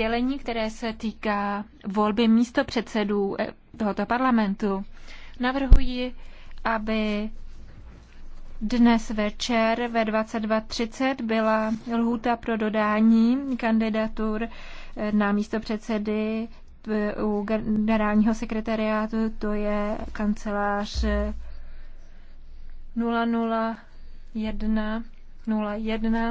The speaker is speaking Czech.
sdělení, které se týká volby místo předsedů eh, tohoto parlamentu. Navrhuji, aby dnes večer ve 22.30 byla lhůta pro dodání kandidatur eh, na místo předsedy u generálního sekretariátu, to je kancelář 001 eh, 01